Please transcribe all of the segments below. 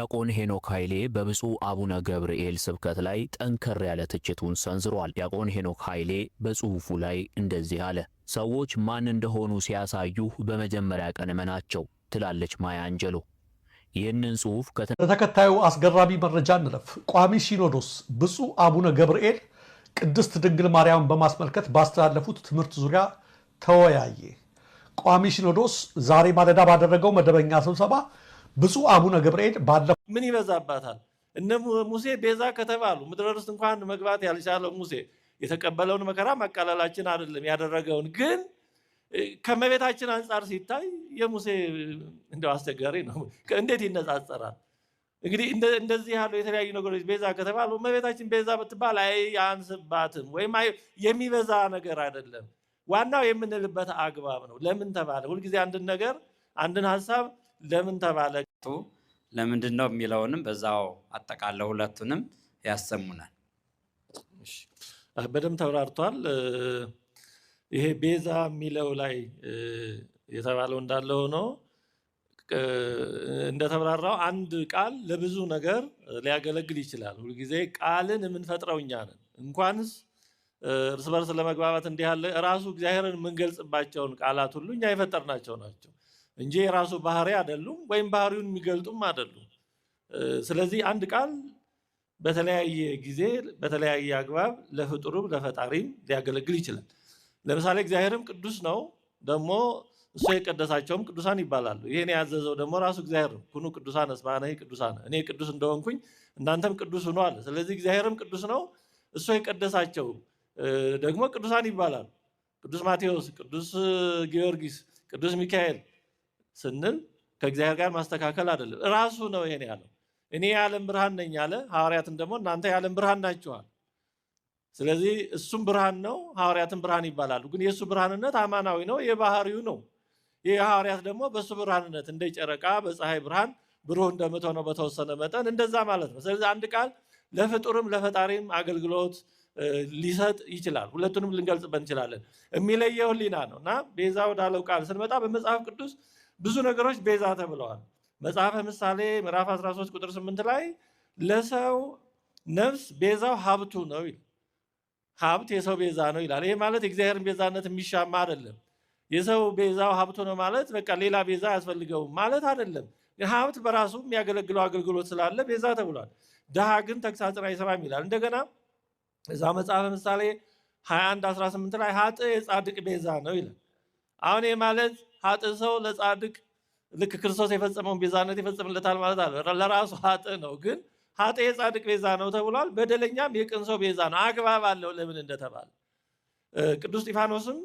ዲያቆን ሄኖክ ኃይሌ በብፁዕ አቡነ ገብርኤል ስብከት ላይ ጠንከር ያለ ትችቱን ሰንዝሯል። ዲያቆን ሄኖክ ኃይሌ በጽሑፉ ላይ እንደዚህ አለ። ሰዎች ማን እንደሆኑ ሲያሳዩ በመጀመሪያ ቀንመናቸው ትላለች ማያ አንጀሎ። ይህንን ጽሑፍ ከተከታዩ አስገራሚ መረጃ እንለፍ። ቋሚ ሲኖዶስ ብፁዕ አቡነ ገብርኤል ቅድስት ድንግል ማርያምን በማስመልከት ባስተላለፉት ትምህርት ዙሪያ ተወያየ። ቋሚ ሲኖዶስ ዛሬ ማለዳ ባደረገው መደበኛ ስብሰባ ብፁዕ አቡነ ገብርኤል ባለፈው ምን ይበዛባታል? እነ ሙሴ ቤዛ ከተባሉ ምድረ ርስት እንኳን መግባት ያልቻለው ሙሴ የተቀበለውን መከራ መቀለላችን አይደለም ያደረገውን ግን ከመቤታችን አንጻር ሲታይ የሙሴ እንደው አስቸጋሪ ነው። እንዴት ይነጻጸራል? እንግዲህ እንደዚህ ያሉ የተለያዩ ነገሮች ቤዛ ከተባሉ መቤታችን ቤዛ ብትባል አይ ያንስባትም ወይም የሚበዛ ነገር አይደለም። ዋናው የምንልበት አግባብ ነው። ለምን ተባለ? ሁልጊዜ አንድን ነገር አንድን ሀሳብ ለምን ተባለ ለምንድን ነው የሚለውንም በዛው አጠቃለ ሁለቱንም ያሰሙናል። በደንብ ተብራርቷል። ይሄ ቤዛ የሚለው ላይ የተባለው እንዳለ ሆኖ እንደተብራራው አንድ ቃል ለብዙ ነገር ሊያገለግል ይችላል። ሁልጊዜ ቃልን የምንፈጥረው እኛ ነን። እንኳንስ እርስ በርስ ለመግባባት እንዲህ ያለ ራሱ እግዚአብሔርን የምንገልጽባቸውን ቃላት ሁሉ እኛ የፈጠርናቸው ናቸው። እንጂ የራሱ ባህሪ አይደሉም፣ ወይም ባህሪውን የሚገልጡም አይደሉም። ስለዚህ አንድ ቃል በተለያየ ጊዜ በተለያየ አግባብ ለፍጡሩም ለፈጣሪም ሊያገለግል ይችላል። ለምሳሌ እግዚአብሔርም ቅዱስ ነው፣ ደግሞ እሱ የቀደሳቸውም ቅዱሳን ይባላሉ። ይህን ያዘዘው ደግሞ ራሱ እግዚአብሔር ነው። ኩኑ ቅዱሳን እስማነ ቅዱሳን፣ እኔ ቅዱስ እንደሆንኩኝ እናንተም ቅዱስ ሁኑ አለ። ስለዚህ እግዚአብሔርም ቅዱስ ነው፣ እሱ የቀደሳቸው ደግሞ ቅዱሳን ይባላሉ። ቅዱስ ማቴዎስ፣ ቅዱስ ጊዮርጊስ፣ ቅዱስ ሚካኤል ስንል ከእግዚአብሔር ጋር ማስተካከል አይደለም፣ ራሱ ነው ይሄን ያለው። እኔ የዓለም ብርሃን ነኝ ያለ ሐዋርያትን ደግሞ እናንተ የዓለም ብርሃን ናችኋል። ስለዚህ እሱም ብርሃን ነው፣ ሐዋርያትን ብርሃን ይባላሉ። ግን የእሱ ብርሃንነት አማናዊ ነው፣ የባህሪው ነው። የሐዋርያት ደግሞ በእሱ ብርሃንነት እንደ ጨረቃ በፀሐይ ብርሃን ብሩህ እንደምትሆነው በተወሰነ መጠን እንደዛ ማለት ነው። ስለዚህ አንድ ቃል ለፍጡርም ለፈጣሪም አገልግሎት ሊሰጥ ይችላል። ሁለቱንም ልንገልጽበት እንችላለን። የሚለየው ሕሊና ነው እና ቤዛ ወዳለው ቃል ስንመጣ በመጽሐፍ ቅዱስ ብዙ ነገሮች ቤዛ ተብለዋል። መጽሐፈ ምሳሌ ምዕራፍ 13 ቁጥር 8 ላይ ለሰው ነፍስ ቤዛው ሀብቱ ነው ይል ሀብት የሰው ቤዛ ነው ይላል። ይሄ ማለት የእግዚአብሔርን ቤዛነት የሚሻማ አይደለም። የሰው ቤዛው ሀብቱ ነው ማለት በቃ ሌላ ቤዛ አያስፈልገውም ማለት አይደለም። ሀብት በራሱ የሚያገለግለው አገልግሎት ስላለ ቤዛ ተብሏል። ድሃ ግን ተግሳጽን አይሰማም ይላል። እንደገና እዛ መጽሐፈ ምሳሌ 21 18 ላይ ሀጥ የጻድቅ ቤዛ ነው ይላል። አሁን ይህ ማለት ሀጥ ሰው ለጻድቅ ልክ ክርስቶስ የፈጸመውን ቤዛነት ይፈጽምለታል ማለት አለ። ለራሱ ሀጥ ነው፣ ግን ሀጥእ የጻድቅ ቤዛ ነው ተብሏል። በደለኛም የቅን ሰው ቤዛ ነው። አግባብ አለው ለምን እንደተባለ። ቅዱስ እስጢፋኖስም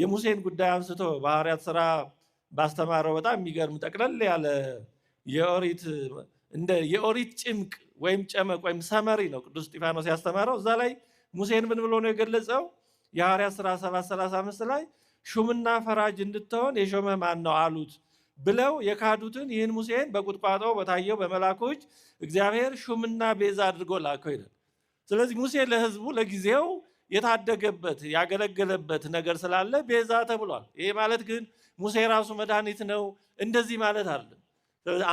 የሙሴን ጉዳይ አንስቶ በሐዋርያት ስራ ባስተማረው በጣም የሚገርም ጠቅለል ያለ የኦሪት እንደ የኦሪት ጭምቅ ወይም ጨመቅ ወይም ሰመሪ ነው ቅዱስ እስጢፋኖስ ያስተማረው። እዛ ላይ ሙሴን ምን ብሎ ነው የገለጸው? የሐዋርያት ስራ 7፥35 ላይ ሹምና ፈራጅ እንድትሆን የሾመ ማን ነው አሉት ብለው የካዱትን ይህን ሙሴን በቁጥቋጦ በታየው በመላኮች እግዚአብሔር ሹምና ቤዛ አድርጎ ላከው ይላል። ስለዚህ ሙሴ ለህዝቡ ለጊዜው የታደገበት ያገለገለበት ነገር ስላለ ቤዛ ተብሏል። ይሄ ማለት ግን ሙሴ ራሱ መድኃኒት ነው እንደዚህ ማለት አለ።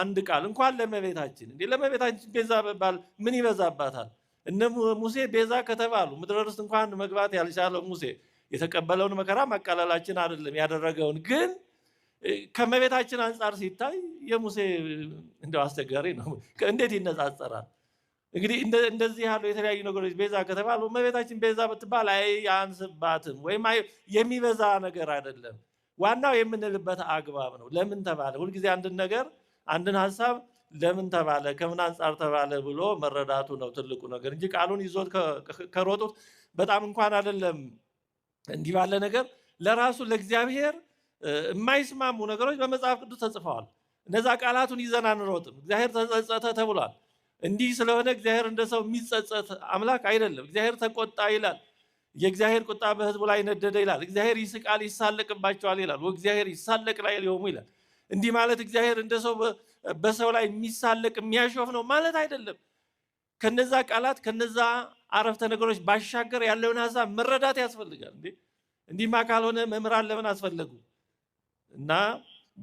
አንድ ቃል እንኳን ለመቤታችን እንዴ ለመቤታችን ቤዛ በባል ምን ይበዛባታል? እነ ሙሴ ቤዛ ከተባሉ ምድረ ርስት እንኳን መግባት ያልቻለው ሙሴ የተቀበለውን መከራ ማቃለላችን አይደለም ያደረገውን ግን ከመቤታችን አንጻር ሲታይ የሙሴ እንደው አስቸጋሪ ነው። እንዴት ይነጻጸራል? እንግዲህ እንደዚህ ያሉ የተለያዩ ነገሮች ቤዛ ከተባሉ መቤታችን ቤዛ ብትባል አይ አንስባትም፣ ወይም የሚበዛ ነገር አይደለም። ዋናው የምንልበት አግባብ ነው። ለምን ተባለ? ሁልጊዜ አንድን ነገር አንድን ሀሳብ ለምን ተባለ፣ ከምን አንጻር ተባለ ብሎ መረዳቱ ነው ትልቁ ነገር እንጂ ቃሉን ይዞት ከሮጡት በጣም እንኳን አይደለም እንዲህ ባለ ነገር ለራሱ ለእግዚአብሔር የማይስማሙ ነገሮች በመጽሐፍ ቅዱስ ተጽፈዋል። እነዛ ቃላቱን ይዘን አንሮጥም። እግዚአብሔር ተጸጸተ ተብሏል። እንዲህ ስለሆነ እግዚአብሔር እንደ ሰው የሚጸጸት አምላክ አይደለም። እግዚአብሔር ተቆጣ ይላል። የእግዚአብሔር ቁጣ በሕዝቡ ላይ ነደደ ይላል። እግዚአብሔር ይስቃል ይሳለቅባቸዋል ይላል። ወእግዚአብሔር ይሳለቅ ላይ ሊሆሙ ይላል። እንዲህ ማለት እግዚአብሔር እንደ ሰው በሰው ላይ የሚሳለቅ የሚያሾፍ ነው ማለት አይደለም። ከነዛ ቃላት ከነዛ አረፍተ ነገሮች ባሻገር ያለውን ሀሳብ መረዳት ያስፈልጋል። እንዴ እንዲህማ ካልሆነ መምህራን ለምን አስፈለጉ? እና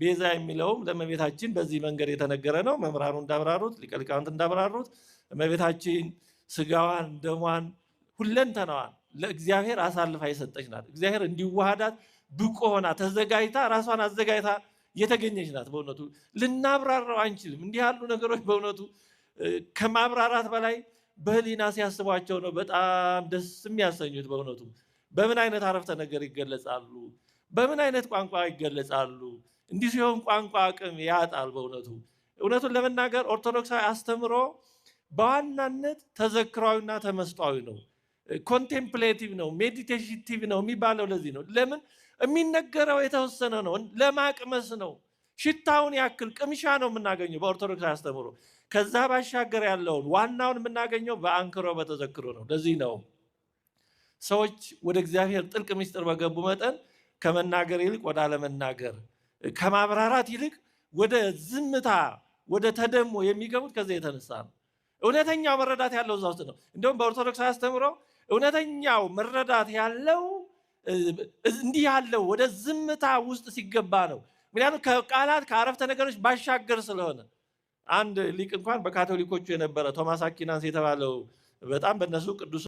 ቤዛ የሚለውም ለእመቤታችን በዚህ መንገድ የተነገረ ነው። መምህራኑ እንዳብራሩት፣ ሊቀ ሊቃውንት እንዳብራሩት እመቤታችን ስጋዋን፣ ደሟን፣ ሁለንተናዋን ለእግዚአብሔር አሳልፋ የሰጠች ናት። እግዚአብሔር እንዲዋሃዳት ብቁ ሆና ተዘጋጅታ ራሷን አዘጋጅታ የተገኘች ናት። በእውነቱ ልናብራራው አንችልም። እንዲህ ያሉ ነገሮች በእውነቱ ከማብራራት በላይ በህሊና ሲያስቧቸው ነው በጣም ደስ የሚያሰኙት። በእውነቱ በምን አይነት አረፍተ ነገር ይገለጻሉ? በምን አይነት ቋንቋ ይገለጻሉ? እንዲህ ሲሆን ቋንቋ አቅም ያጣል። በእውነቱ እውነቱን ለመናገር ኦርቶዶክሳዊ አስተምሮ በዋናነት ተዘክሯዊና ተመስጧዊ ነው። ኮንቴምፕሌቲቭ ነው፣ ሜዲቴቲቭ ነው የሚባለው ለዚህ ነው። ለምን የሚነገረው የተወሰነ ነው፣ ለማቅመስ ነው። ሽታውን ያክል ቅምሻ ነው የምናገኘው በኦርቶዶክስ አስተምሮ ከዛ ባሻገር ያለውን ዋናውን የምናገኘው በአንክሮ በተዘክሮ ነው። ለዚህ ነው ሰዎች ወደ እግዚአብሔር ጥልቅ ምስጢር በገቡ መጠን ከመናገር ይልቅ ወደ አለመናገር፣ ከማብራራት ይልቅ ወደ ዝምታ፣ ወደ ተደሞ የሚገቡት ከዚ የተነሳ ነው። እውነተኛው መረዳት ያለው እዛ ውስጥ ነው። እንደውም በኦርቶዶክስ አስተምሮ እውነተኛው መረዳት ያለው እንዲህ ያለው ወደ ዝምታ ውስጥ ሲገባ ነው። ምክንያቱም ከቃላት ከአረፍተ ነገሮች ባሻገር ስለሆነ አንድ ሊቅ እንኳን በካቶሊኮቹ የነበረ ቶማስ አኪናንስ የተባለው በጣም በእነሱ ቅዱስ